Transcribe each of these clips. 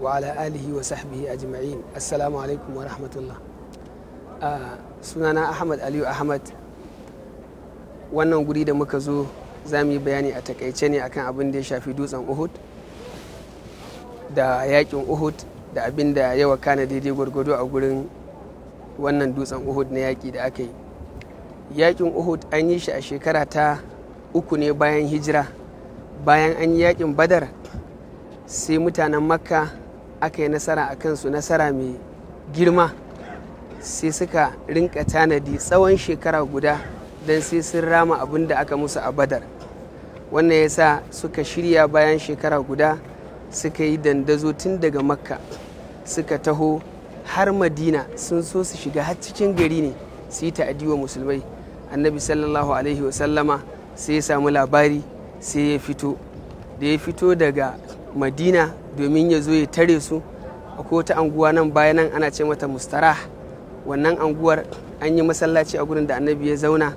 wa alihi wa sahbihi alaikum wa ah, sunana ahmad aliyu ahmad wannan guri da muka zo za mu yi bayani a takaice ne akan abin da ya shafi dutsen uhud da yakin uhud da abin da yawa kana daidai gwargwado a gurin wannan dutsen uhud na yaki da aka yi yakin uhud an yi shi a shekara ta uku ne bayan hijira bayan an yi yakin badar sai mutanen makka aka yi nasara a kansu nasara mai girma sai suka rinka tanadi tsawon shekara guda don sai sun rama abin da aka musu a badar wannan ya sa suka shirya bayan shekara guda suka yi dandazo tun daga makka suka taho har madina sun so su shiga har cikin gari ne su yi ta'adi wa musulmai annabi sallallahu alaihi wasallama sai ya samu labari sai ya fito da ya fito daga madina domin ya zo ya tare su akwai wata anguwa nan bayan nan ana ce mata mustara wannan anguwar an yi masallaci a gurin da annabi ya zauna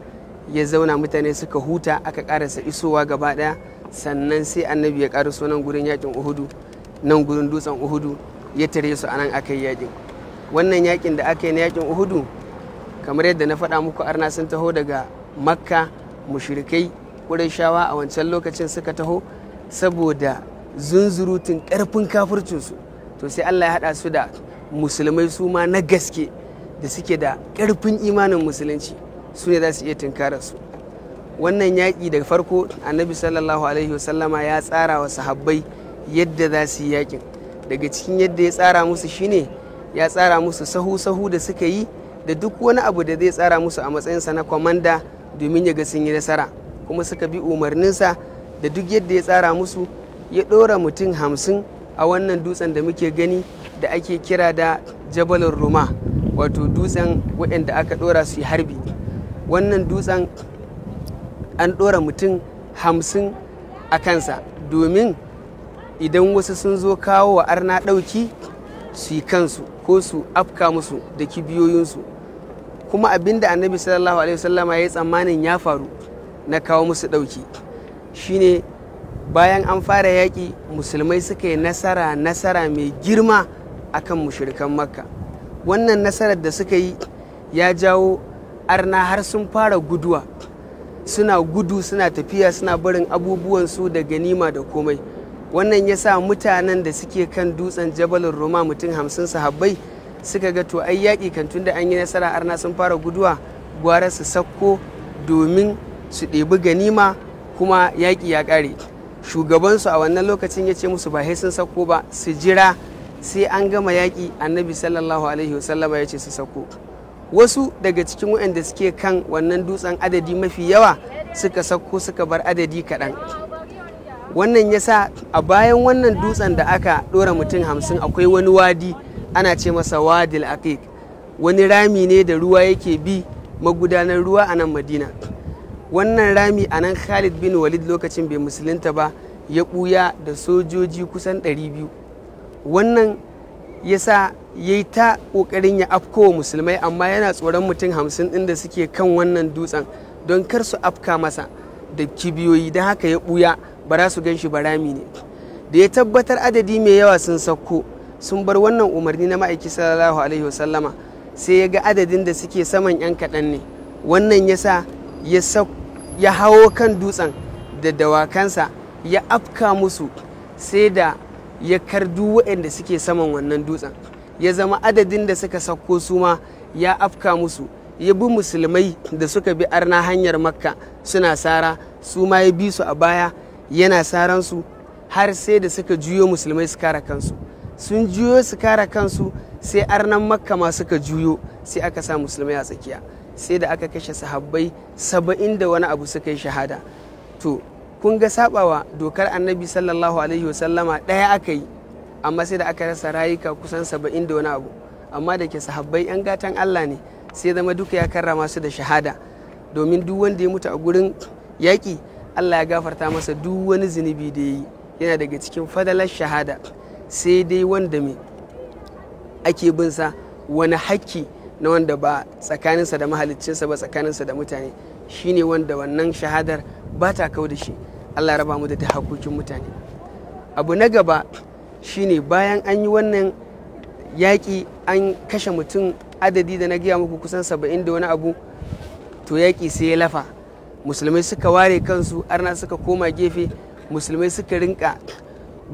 ya zauna mutane suka huta aka karasa isowa gaba daya sannan sai annabi ya karaso nan gurin yakin uhudu nan gurin dutsen uhudu ya tare su anan aka yi yakin wannan yakin da aka yi na yakin uhudu kamar yadda na faɗa muku arna sun taho daga makka mushrikai shawa a wancan lokacin suka taho saboda zunzurutun karfin kafircinsu to sai Allah ya haɗa su da musulmai su ma na gaske da suke da karfin imanin musulunci su ne za su iya tunkararsu wannan yaƙi daga farko annabi sallallahu alaihi wasallama ya tsara wa sahabbai yadda za su yi yaƙin daga cikin yadda ya tsara musu shine ya tsara musu sahu-sahu da suka yi da duk wani abu da zai tsara musu a matsayinsa na kwamanda domin ya ga sun yi nasara kuma suka bi umarninsa da duk yadda ya tsara musu ya ɗora mutum hamsin a wannan dutsen da muke gani da ake kira da jabalin roma wato dutsen waɗanda aka ɗora su harbi wannan dutsen an ɗora mutum hamsin a kansa domin idan wasu sun zo kawo wa arna ɗauki su yi kansu ko su afka musu da kibiyoyinsu kuma abinda annabi sallallahu alaihi wasallama ya yi tsammanin ya faru na kawo musu ɗauki shine bayan an fara yaƙi musulmai suka yi nasara nasara mai girma akan mushrikan makka wannan nasarar da suka yi ya jawo arna har sun fara guduwa suna gudu suna tafiya suna barin abubuwansu da ganima da komai wannan ya sa mutanen da suke kan dutsen jabalin roma mutum hamsin sahabbai suka ga to ai yaƙi kan tun da an yi nasara arna sun fara guduwa gwara su sakko domin su ɗebi ganima kuma yaƙi ya ƙare shugabansu a wannan lokacin ya ce musu ba sai sun sako ba su jira sai an gama yaƙi annabi sallallahu alaihi wasallama ya ce su sauko wasu daga cikin waɗanda suke kan wannan dutsen adadi mafi yawa suka sako suka bar adadi kaɗan wannan ya sa a bayan wannan dutsen da aka ɗora mutum hamsin akwai wani wadi ana ce masa wadil aqiq wani rami ne da ruwa yake bi magudanar ruwa a nan madina wannan rami a nan khalid bin walid lokacin bai musulunta ba ya ɓuya da sojoji kusan 200 wannan ya sa ya yi ta ƙoƙarin ya afkowa musulmai amma yana tsoron mutum hamsin ɗin da suke kan wannan dutsen don kar su afka masa da kibiyoyi don haka ya ɓuya ba za su gan shi barami ne da ya tabbatar adadi mai yawa sun sauko sun bar wannan umarni na ma'aiki sallallahu alaihi wasallama sai ya ga adadin da suke saman 'yan kaɗan ne wannan ya sa ya sauko ya hawo kan dutsen da dawakansa ya afka musu sai da ya kardu waɗanda suke saman wannan dutsen ya zama adadin da suka sauko su ma ya afka musu ya bi musulmai da suka bi arna hanyar makka suna sara su ma ya bi su a baya yana su har sai da suka juyo musulmai su kara kansu sun juyo su kara kansu sai arnan makka ma suka juyo sai aka sa musulmai a tsakiya sai da aka kashe sahabbai saba'in da wani abu suka yi shahada to kun ga sabawa dokar annabi sallallahu alaihi wasallama ɗaya aka yi amma sai da aka rasa rayuka kusan saba'in da wani abu amma da ke sahabbai 'yan gatan allah ne sai zama duka ya karrama su da shahada domin duk wanda ya mutu a gurin yaƙi allah ya gafarta masa duk wani zunubi da ya yi yana daga cikin fadalar shahada sai dai wanda me ake bin sa wani hakki na wanda ba tsakaninsa da mahaliccinsa ba tsakaninsa da mutane shine wanda wannan shahadar ba ta kau da shi allah raba mu da ta hakokin mutane abu na gaba shine bayan an yi wannan yaƙi an kashe mutum adadi da na gaya muku kusan saba'in da wani abu to yaƙi sai ya lafa musulmai suka ware kansu arna suka koma gefe musulmai suka rinka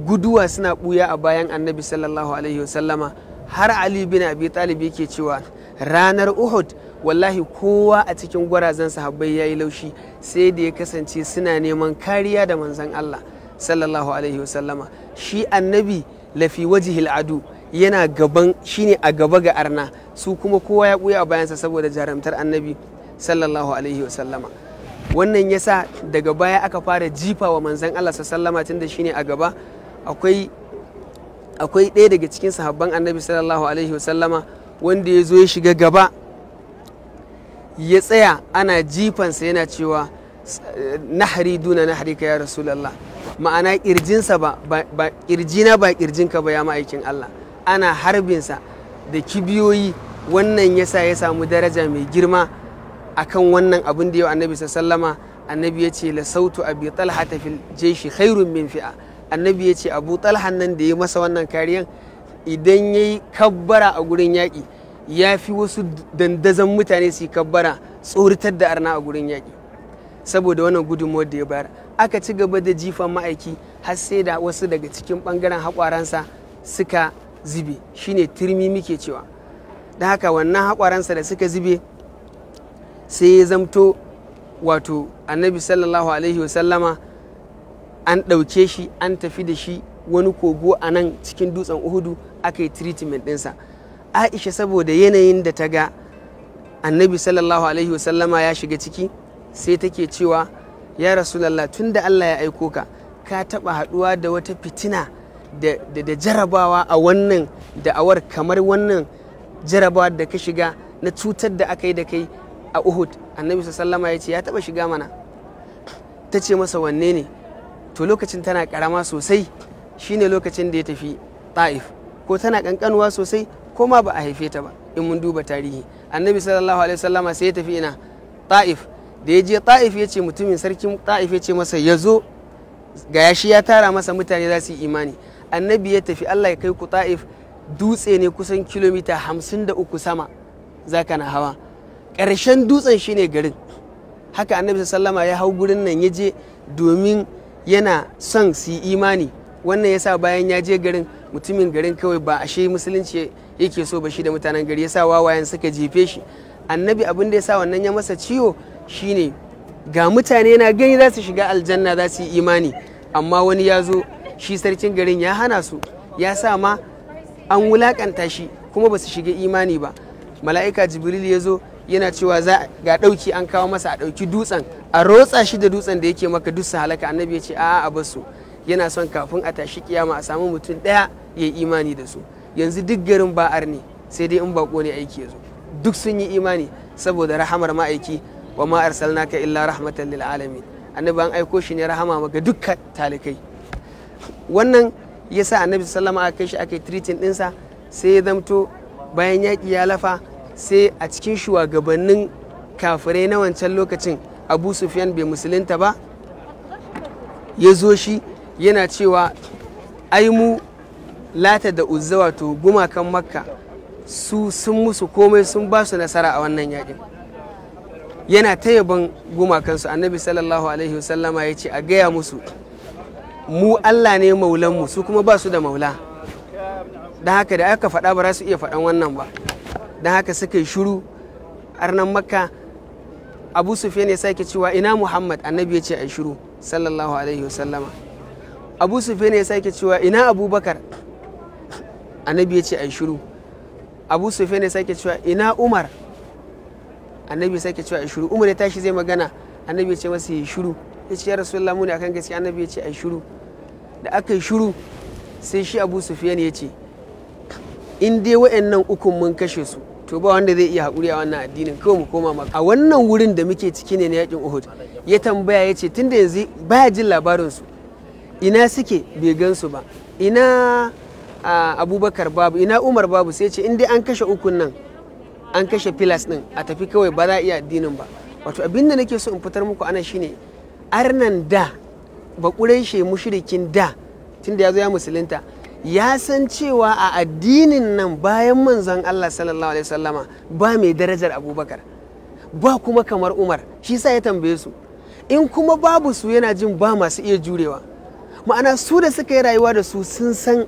guduwa suna ɓuya a bayan annabi sallallahu alaihi wasallama har ali bin abi talib yake cewa ranar uhud wallahi kowa a cikin gwarazan sahabbai ya yi laushi sai da ya kasance suna neman kariya da manzan allah sallallahu alaihi wasallama shi annabi lafi wajihil adu yana gaban shine a gaba ga arna su kuma kowa ya ɓuya a bayansa saboda jaramtar annabi sallallahu alaihi wasallama wannan yasa daga baya aka fara jifa wa manzan allah sallama tun da shine a gaba akwai akwai ɗaya daga cikin sahabban annabi sallallahu alaihi wasallama wanda ya zo ya shiga gaba ya tsaya ana jifansa yana cewa nahari duna nahari ka ya rasulallah ma'ana kirjinsa ba ba kirjina ba kirjinka ba ya ma'aikin Allah ana harbinsa da kibiyoyi wannan yasa ya samu daraja mai girma akan wannan abin da yau annabi sallama annabi ya ce la sautu abi talha ta jeshi khairun min fi'a annabi ya ce abu talhan nan da ya masa wannan kariyan idan ya yi kabbara a gurin yaƙi ya fi wasu dandazan mutane su yi kabbara tsoritar da arna a gurin yaƙi saboda wannan gudunmawar da ya bayar aka ci gaba da jifan ma'aiki har sai da wasu daga cikin ɓangaren haƙwaransa suka zube shine turmi muke cewa da haka wannan haƙwaransa da suka zube sai ya zamto wato annabi sallallahu alaihi wasallama an ɗauke shi an tafi da shi wani kogo a nan cikin dutsen uhudu aka yi treatment ɗinsa aisha saboda yanayin da ta ga annabi sallallahu alaihi wasallama ya shiga ciki sai take cewa ya rasulallah tun da allah ya aiko ka ka taɓa haɗuwa da wata fitina da jarabawa a wannan da'awar kamar wannan jarabawa da ka shiga na cutar da aka yi da kai a uhud annabi sallallahu ya ce ya taɓa shiga mana ta ce masa wanne ne to lokacin tana karama sosai shine lokacin da ya tafi ta'if ko tana kankanuwa sosai ko ma ba a haife ta ba in mun duba tarihi annabi sallallahu alaihi wasallama sai ya tafi ina ta'if da ya je ta'if ya ce mutumin sarkin ta'if ya ce masa ya zo ga shi ya tara masa mutane za su yi imani annabi ya tafi allah ya kai ku ta'if dutse ne kusan kilomita hamsin da uku sama za ka na hawa ƙarshen dutsen shine garin haka annabi sallama ya hau gurin nan ya je domin yana son su yi imani wannan ya sa bayan ya je garin mutumin garin kawai ba ashe musulunci yake so ba shi da mutanen gari ya sa wawayen suka jefe shi annabi abin da ya sa wannan ya masa ciwo shine ga mutane na gani za su shiga aljanna za su yi imani amma wani ya zo shi sarkin garin ya hana su ya sa ma an wulakanta shi kuma ba su shiga imani ba mala'ika jibril ya zo yana cewa za ga ɗauki an kawo masa a ɗauki dutsen a rotsa shi da dutsen da yake maka duk su halaka annabi ya ce a'a a basu yana son kafin a tashi kiyama a samu mutum ɗaya ya yi imani da su yanzu duk garin ba'ar ne sai dai in bako ne aiki yazo duk sun yi imani saboda rahamar ma'aiki wa ma arsalnaka illa rahmatan lil alamin annabi an aiko shi ne rahama ga dukkan talikai wannan yasa annabi sallama aka kai shi aka yi treating ɗinsa sai ya zamto bayan yaki ya lafa sai a cikin shugabannin kafirai na wancan lokacin abu sufyan bai musulunta ba ya zo shi yana cewa ai mu lata da uzza wato gumakan makka su sun musu komai sun ba su nasara a wannan yakin yana ta yaban gumakansu annabi sallallahu alaihi wasallama ya ce a gaya musu mu allah ne maulanmu su kuma ba su da maula don haka da aka faɗa ba za su iya faɗan wannan ba don haka suka yi shuru arnan makka abu sufyan ya sake cewa ina muhammad annabi ya ce a shiru sallallahu alaihi wasallama abu sufiyan ya sake cewa ina abubakar annabi ya ce an shiru abu sufiyan ya sake cewa ina umar annabi ya sake cewa an shiru umar ya tashi zai magana annabi ya ce masa yi shiru ya ce ya rasulullah mu ne akan gaskiya annabi ya ce an shiru da aka yi shiru sai shi abu sufiyan ya ce in dai wa'annan ukun mun kashe su to ba wanda zai iya haƙuri a wannan addinin kawai mu koma maka a wannan wurin da muke ciki ne na yaƙin uhud ya tambaya ya ce tunda yanzu baya jin labarinsu ina suke bai gansu ba ina abubakar babu ina umar babu sai ce inda an kashe ukun nan an kashe filas din a tafi kawai ba za a iya addinin ba wato abin da nake so in fitar muku ana shine arnan da ba shi mushrikin da tun da ya zo ya musulunta ya san cewa a addinin nan bayan manzon Allah sallallahu alaihi wasallama ba mai darajar abubakar ba kuma kamar umar shi sa ya tambaye su in kuma babu su yana jin ba masu iya jurewa ma'ana su da suka yi rayuwa da su sun san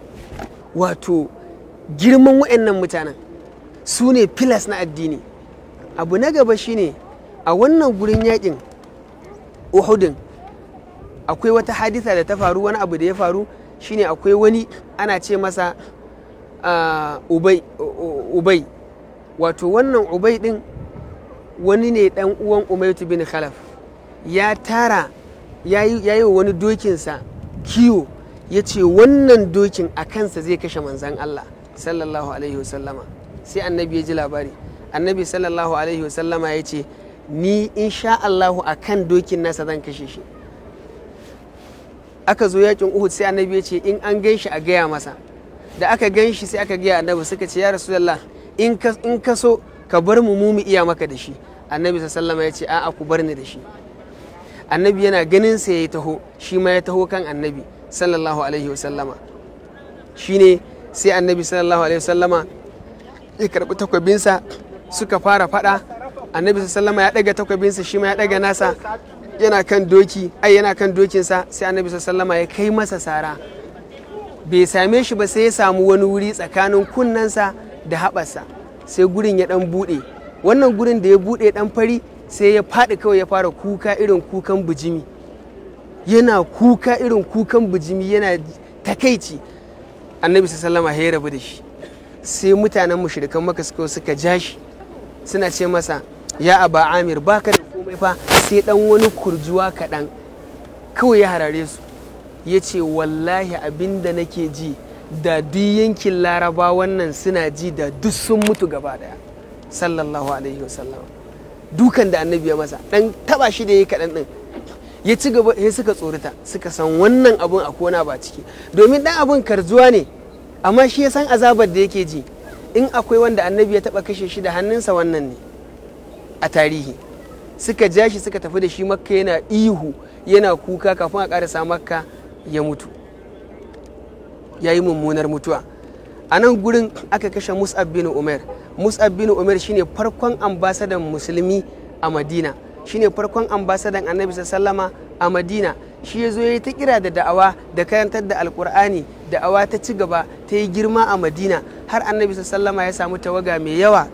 wato girman wa'annan mutanen su ne filas na addini abu na gaba shine a wannan gurin yakin uhudin akwai wata haditha da ta faru wani abu da ya faru shine akwai wani ana ce masa ah, ubai wato wannan ubai din wani ne dan uwan Umaitu bin khalaf ya tara ya yi wa wani dokinsa kiwo ya ce wannan dokin a kansa zai kashe manzan Allah sallallahu alaihi wasallama sai annabi ya ji labari annabi sallallahu alaihi wasallama ya ce ni insha Allahu a kan dokin nasa zan kashe shi aka zo yakin Uhud sai annabi ya ce in an gan shi a gaya masa da aka gan shi sai aka gaya annabi suka ce ya yalla in ka so ka bar mu mu iya maka da shi annabi sallallahu alaihi wasallama ya ce a'a ku bar ni da shi annabi yana ganin sa ya taho shi ma ya taho kan annabi sallallahu alaihi wasallama ne sai annabi sallallahu alaihi wasallama ya karbi takwabinsa suka fara fada annabi sallallahu ya daga takwabinsa shi ma ya daga nasa yana kan doki ai yana kan dokinsa sai annabi sallallahu ya kai masa sara bai same shi ba sai ya samu wani wuri tsakanin kunnensa da haɓarsa sai gurin ya dan buɗe wannan gurin da ya buɗe dan fari sai ya faɗi kawai ya fara kuka irin kukan bijimi yana kuka irin kukan bijimi yana takaici annabi sallama ya rabu da shi sai mutanen mushrikan maka suka ja shi suna ce masa ya ba amir baka da komai fa sai dan wani kurjuwa kaɗan kawai ya harare su ya ce wallahi abin da nake ji da duk yankin laraba wannan suna ji da duk sun mutu gaba daya sallallahu alaihi wasallam dukan da annabi ya masa dan taba shi da yi kaɗan ɗin ya ci gaba sai suka tsorata suka san wannan abun a kona ba ciki domin ɗan abun karzuwa ne amma shi ya san azabar da yake ji in akwai wanda annabi ya taba kashe shi da hannunsa wannan ne a tarihi suka ja shi suka tafi da shi makka yana ihu yana kuka kafin a karasa makka ya mutu ya yi mummunar mutuwa a nan gurin aka kashe mus'ab bin umar Musa bin umar shine farkon ambasadan musulmi a madina shine farkon ambasadan annabi sallama a madina shi yazo zo ta kira da da'awa da karantar da alkur'ani da'awa ta ci gaba ta yi girma a madina har annabi sallama ya samu tawaga mai yawa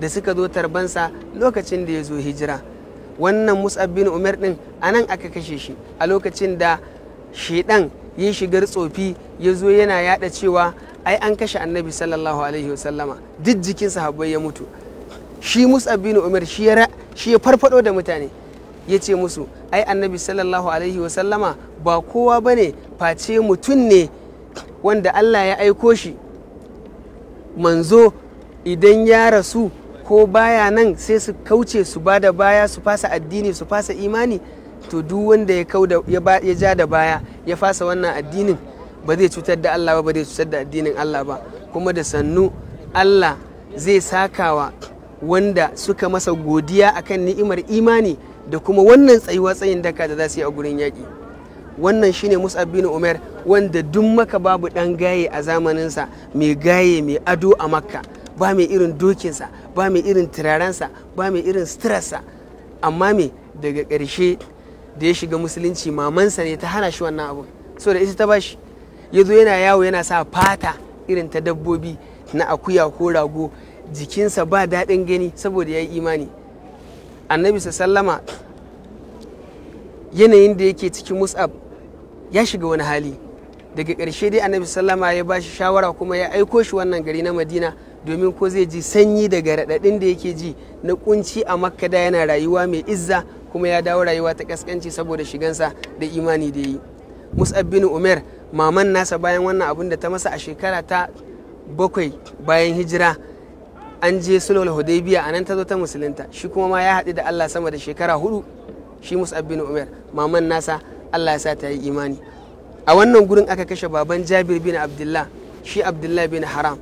da suka zo tarbansa lokacin da ya zo hijira wannan Musa bin umar din anan aka kashe shi a lokacin da shedan ya shigar tsofi ya zo yana yada cewa ai an kashe annabi sallallahu alaihi wasallama duk jikin sahabbai ya mutu shi mus'ab bin umar shi ya shi ya farfado da mutane ya ce musu ai annabi sallallahu alaihi wasallama ba kowa bane face mutum ne wanda Allah ya aiko shi manzo idan ya rasu ko baya nan sai su kauce su ba da baya su fasa addini su fasa imani to duk wanda ya ja da baya ya fasa wannan addinin ba zai cutar da Allah ba ba zai cutar da addinin Allah ba kuma da sannu Allah zai sakawa wanda suka masa godiya akan ni'imar imani da kuma wannan tsayuwa tsayin daka da za su yi a gurin yaƙi wannan shine Mus'ab bin Umar wanda duk maka babu dan gaye a zamaninsa mai gaye mai ado a makka ba mai irin dokinsa ba mai irin turarensa ba mai irin stressa amma me daga ƙarshe da ya shiga musulunci mamansa ne ta hana shi wannan abu so da ita ta bashi ya zo yana yawo yana sa fata irin ta dabbobi na akuya ko rago jikinsa ba daɗin gani saboda ya yi imani annabi sallama yanayin da yake cikin mus'ab ya shiga wani hali daga ƙarshe dai annabi sallama ya ba shi shawara kuma ya aiko shi wannan gari na madina domin ko zai ji sanyi daga raɗaɗin da yake ji na kunci a makka da yana rayuwa mai izza kuma ya dawo rayuwa ta ƙasƙanci saboda shigansa da imani da yi mus'ab bin umar maman nasa bayan wannan abin da ta masa a shekara ta bakwai bayan hijira an je sulhul hudaybiya anan ta zo ta musulunta shi kuma ma ya haɗu da Allah sama da shekara hudu shi Mus'ab bin Umar maman nasa Allah ya sa ta yi imani a wannan gurin aka kashe baban Jabir bin Abdullah shi Abdullah bin Haram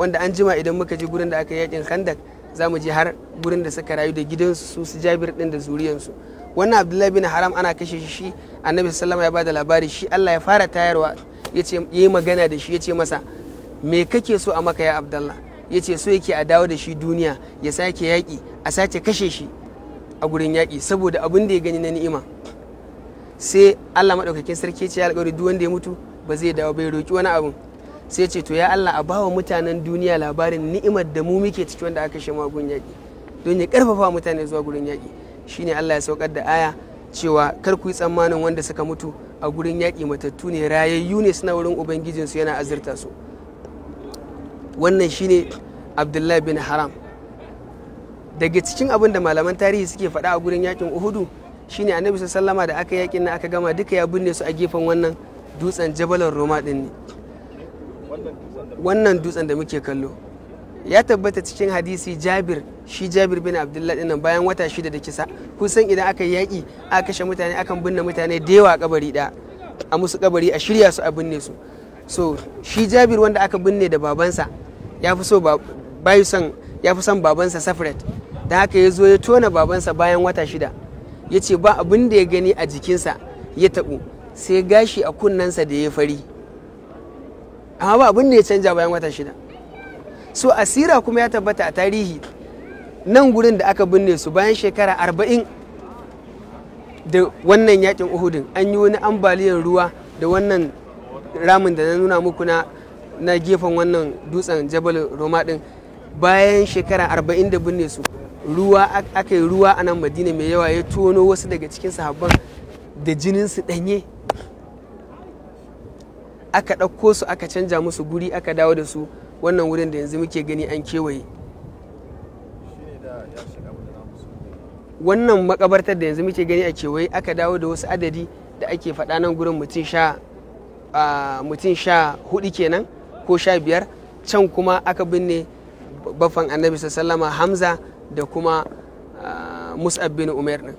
wanda an jima idan muka je gurin da aka yi yakin Khandak za mu je har gurin da suka rayu da gidansu su su Jabir din da zuriyansu wannan abdullahi bin haram ana kashe shi annabi sallama ya bada labari shi allah ya fara tayarwa ya ce yi magana da shi ya ce masa me kake so a maka ya abdullah ya ce so yake a dawo da shi duniya ya sake yaƙi a sake kashe shi a gurin yaƙi saboda abin da ya gani na ni'ima sai allah maɗaukakin sarki ce ya alƙawari duk wanda ya mutu ba zai dawo bai roƙi wani abu sai ce to ya allah a bawa mutanen duniya labarin ni'imar da mu muke ciki wanda aka kashe magun yaƙi don ya ƙarfafa mutane zuwa gurin yaƙi shine Allah ya saukar da aya cewa kar ku yi tsammanin wanda suka mutu a gurin yaƙi matattu ne rayayyu ne suna wurin ubangijinsu yana azurta su wannan shine abdullahi bin haram daga cikin abin da malaman tarihi suke faɗa a gurin yaƙin uhudu shine annabi sallama da aka yaƙin na aka gama duka ya binne su a gefen wannan dutsen jabalar roma ɗin ne wannan dutsen da muke kallo ya tabbata cikin hadisi jabir shi jabir bin abdullahi dinnan bayan wata shida da kisa kusan idan aka yaƙi aka kashe mutane akan binne mutane da yawa a kabari da a musu kabari a shirya su a binne su so shi jabir wanda aka binne da babansa ya fi so bayu son ya fi son babansa separate da haka ya zo ya tona babansa bayan wata shida ya ce ba abin da ya gani a jikinsa ya taɓu sai gashi a kunnensa da ya fari amma ba abin da ya canja bayan wata shida so asira kuma ya tabbata a tarihi nan gurin da aka binne su bayan shekara arba'in da wannan yakin uhudin an yi wani ambaliyar ruwa da wannan ramin da na nuna muku na gefen wannan dutsen jabal roma din bayan shekara arba'in da binne su ruwa aka yi ruwa a nan madina mai yawa ya tono wasu daga cikin sahabban da jinin su danye aka ɗauko su aka canja musu guri aka dawo da su wannan wurin da yanzu muke gani an kewaye wannan makabartar da yanzu muke gani a kewaye aka dawo da wasu adadi da ake faɗa nan gurin mutum sha hudu kenan ko sha biyar can kuma aka binne baffan annabi sallama hamza da kuma mus'ab bin umar din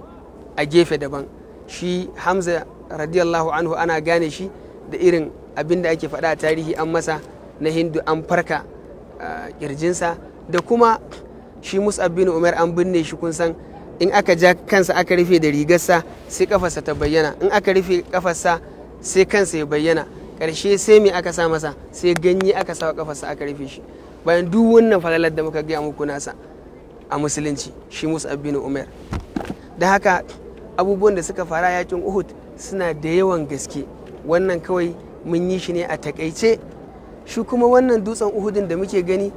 a gefe daban shi hamza radiyallahu anhu ana gane shi da irin abin da ake faɗa a tarihi an masa na hindu an farka kirjinsa da kuma shi Musa bin umar an binne shi kun san in aka ja kansa aka rufe da rigarsa sai kafarsa ta bayyana in aka rufe kafarsa sai kansa ya bayyana karshe sai me aka sa masa sai ganye aka sa kafarsa aka rufe shi bayan duk wannan falalar da muka gaya muku nasa a musulunci shi Musa bin umar da haka abubuwan da suka fara yakin uhud suna da yawan gaske wannan kawai mun yi shi ne a takaice shi kuma wannan dutsen uhudin da muke gani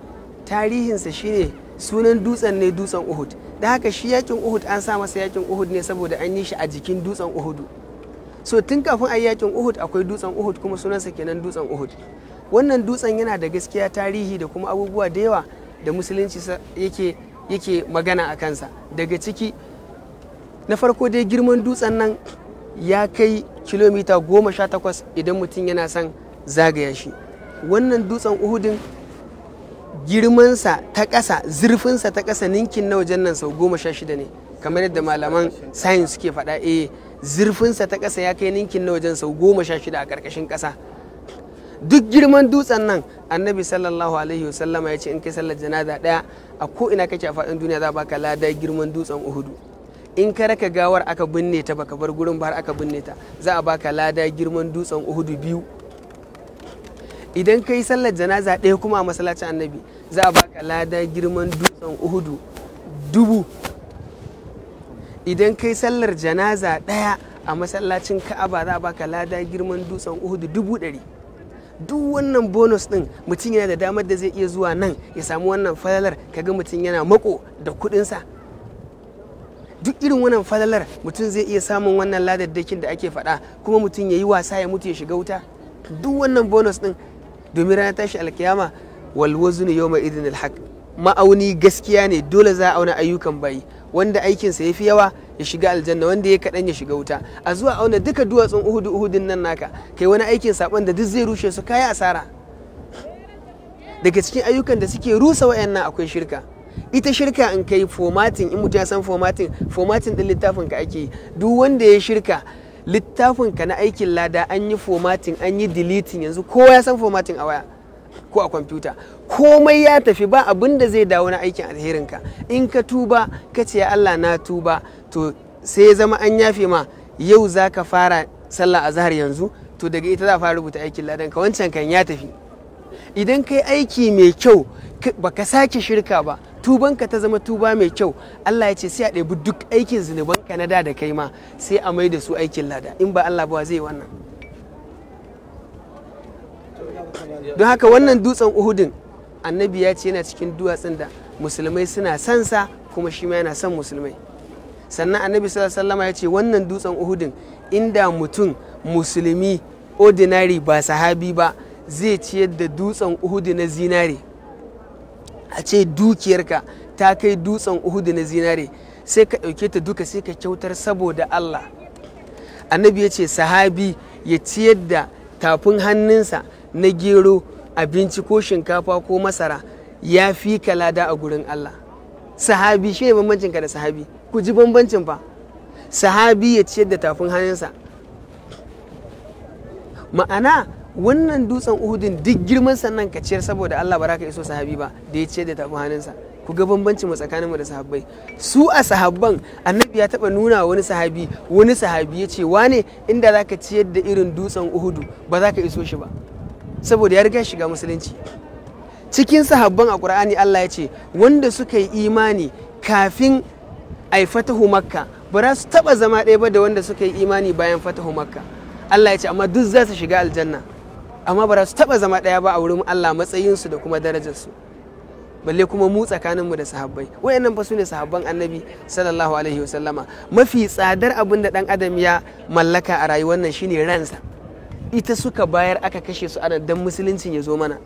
tarihinsa shine sunan dutsen ne dutsen uhud da haka shi yakin uhud an sa masa yakin uhud ne saboda an yi shi a jikin dutsen uhudu so tun kafin a yakin uhud akwai dutsen uhud kuma sunansa kenan dutsen uhud wannan dutsen yana da gaskiya tarihi da kuma abubuwa da yawa da musulunci yake magana a kansa daga ciki na farko dai girman dutsen nan ya kai kilomita goma sha takwas idan mutum yana son zagaya shi wannan dutsen uhudin girmansa ta ƙasa zurfinsa ta ƙasa ninkin na wajen nan sau goma sha shida ne kamar yadda malaman sayan suke faɗa eh zurfinsa ta kasa ya kai ninkin na wajen sau goma sha shida a karkashin kasa. duk girman dutsen nan annabi sallallahu alaihi wasallama ya ce in kai sallar janaza ɗaya a ko ina kake a faɗin duniya za baka lada girman dutsen uhudu in ka raka gawar aka binne ta baka bar gurin ba aka binne ta za a baka lada girman dutsen uhudu biyu idan ka yi sallar janaza ɗaya kuma a masallacin annabi za a baka lada girman dutsen uhudu dubu idan ka yi sallar janaza ɗaya a masallacin ka'aba za a baka lada girman dutsen uhudu dubu ɗari duk wannan bonus ɗin mutum yana da damar da zai iya zuwa nan ya samu wannan falalar kaga mutum yana mako da kuɗinsa duk irin wannan falalar mutum zai iya samun wannan ladaddakin da ake faɗa kuma mutum ya yi wasa ya mutu ya shiga wuta duk wannan bonus ɗin domin rana tashi alkiyama walwazuni yau mai idin alhaq ma'auni gaskiya ne dole za a auna ayyukan bayi wanda aikinsa ya fi yawa ya shiga aljanna wanda ya kaɗan ya shiga wuta a zuwa auna duka duwatsun uhudu uhudun nan naka kai wani aikin saɓon da duk zai rushe su kayi asara daga cikin ayyukan da suke rusa wayannan akwai shirka ita shirka in kai formatting in mutum ya san formatting formatting din littafin ka ake duk wanda ya shirka littafin ka na aikin lada an yi formatin an yi deleting yanzu ko ya san formatin a waya ko a kwamfuta komai ya tafi ba abin da zai dawo na aikin alherinka in ka tuba ka ce Allah na tuba to sai zama an yafe ma yau za ka fara sallah a zahar yanzu to daga ita za a fara rubuta aikin ladan ka wancan kan ya tafi idan kai aiki mai kyau baka sake shirka ba tubanka ta zama tuba mai kyau Allah ya ce sai a ɗebi duk aikin zunubanka na da da kai ma sai a mai da su aikin lada in ba Allah ba zai wannan don haka wannan dutsen uhudin annabi ya ce yana cikin duwatsun da musulmai suna son sa kuma shi ma yana son musulmai sannan annabi sallallahu ya ce wannan dutsen uhudin inda mutum musulmi ordinary ba sahabi ba zai ciyar da dutsen uhudi na zinare a ce dukiyarka ta kai dutsen uhudu na zinare sai ka ɗauke ta duka sai ka kyautar saboda Allah annabi ya ce sahabi ya ciyar da tafin hannunsa na gero abinci ko shinkafa ko masara ya fi kalada a gurin Allah sahabi shi ne bambancin ka da sahabi ku ji bambancin fa sahabi ya ciyar da tafin hannunsa ma'ana wannan dutsen uhudin duk girman sannan ka ciyar saboda Allah baraka iso sahabi ba da ya ce da tafi hannunsa ku ga bambancin tsakanin mu da sahabbai su a sahabban annabi ya taba nuna wani sahabi wani sahabi yace wane inda zaka ciyar da irin dutsen uhudu ba za ka iso shi ba saboda ya riga shiga musulunci cikin sahabban a qur'ani Allah ya ce wanda suka yi imani kafin ai fatahu makka ba za su taba zama ɗaya ba da wanda suka yi imani bayan fatahu makka Allah ya ce amma duk za su shiga aljanna amma ba su taɓa zama ɗaya ba a wurin Allah matsayinsu da kuma darajarsu balle kuma mu tsakaninmu da sahabbai wayannan ba su ne sahabban annabi sallallahu alaihi wasallama mafi tsadar abin da dan adam ya mallaka a rayuwar nan shine ransa ita suka bayar aka kashe su ana dan musuluncin ya zo mana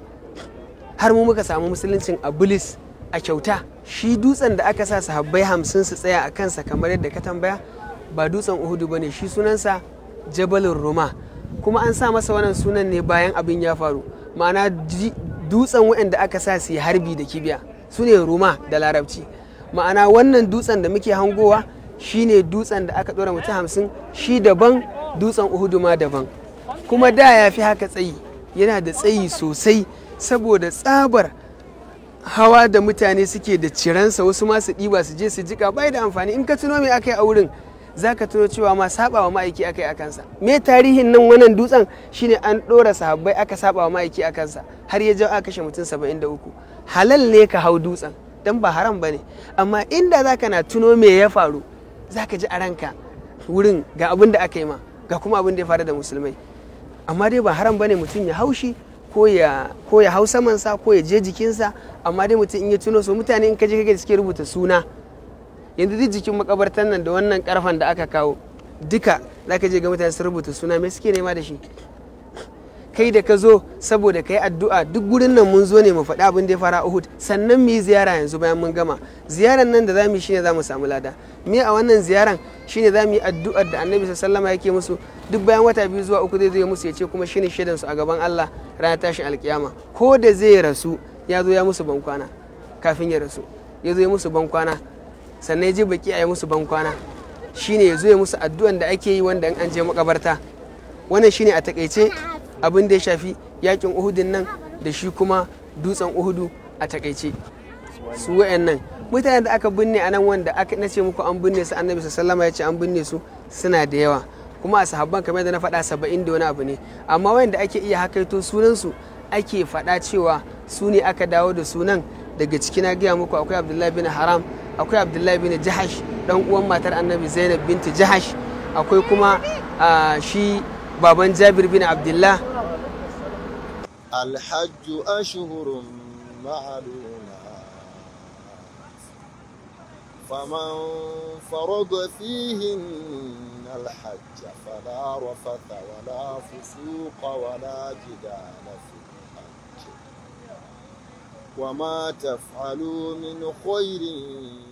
har mu muka samu musuluncin a bilis a kyauta shi dutsen da aka sa sahabbai hamsin su tsaya a kansa kamar yadda ka tambaya ba dutsen uhudu bane shi sunansa jabalin rumah kuma an sa masa wannan sunan ne bayan abin ya faru ma'ana dutsen waɗanda aka sa su yi harbi da kibiya su ne Roma da larabci ma'ana wannan dutsen da muke hangowa shine dutsen da aka dora mutum hamsin shi daban dutsen uhudu ma daban kuma da ya fi haka tsayi yana da tsayi sosai saboda tsabar hawa da mutane suke da ciransa wasu masu su ɗiba su je su jika bai da amfani in ka tuno me aka a wurin za ka tuno cewa ma saba wa ma'aiki aka yi a kansa me tarihin nan wannan dutsen shine an ɗora sahabbai aka saba wa ma'aiki a kansa har ya jawo aka kashe mutum saba'in da uku halal ne ka hau dutsen dan ba haram ba ne amma inda za ka na tuno me ya faru za ka ji a ranka wurin ga abin da aka yi ma ga kuma abin da ya faru da musulmai amma dai ba haram ba ne mutum ya haushi ko ya hau samansa ko ya je jikinsa amma dai mutum in ya tuno su mutane in ka je kake da suke rubuta suna yanzu duk jikin makabartan nan da wannan karfan da aka kawo duka za ka je ga mutane su rubuta suna mai suke nema da shi kai da ka zo saboda ka yi addu'a duk gurin nan mun zo ne mu faɗi abin da ya fara uhud sannan mu yi ziyara yanzu bayan mun gama ziyaran nan da za mu yi shine za mu samu lada me a wannan ziyaran shine za mu yi addu'ar da annabi sallama yake musu duk bayan wata biyu zuwa uku zai zo ya musu ya ce kuma shine shaidan su a gaban Allah ranar tashin alkiyama ko da zai rasu ya zo ya musu bankwana kafin ya rasu ya zo ya musu bankwana sannan ya je baki a yi musu bankwana shine ya zo ya musu addu'an da ake yi wanda an je makabarta wannan shine a takaice abin da ya shafi yakin uhudin nan da shi kuma dutsen uhudu a takaice su wayannan mutane da aka binne a nan wanda aka na muku an binne su annabi sallama ya ce an binne su suna da yawa kuma a sahabban kamar da na faɗa saba'in da wani abu ne amma wayanda ake iya hakaito sunansu ake faɗa cewa su ne aka dawo da sunan daga ciki na gaya muku akwai abdullahi bin haram akwai abdullahi bin jahash dan uwan matar annabi zainab binti jahash akwai kuma shi baban jabir bin abdullah alhajju ashhurun ma'aluna faman faraga fihin الحج فلا رفث ولا فسوق ولا جدال في الحج وما تفعلوا من خير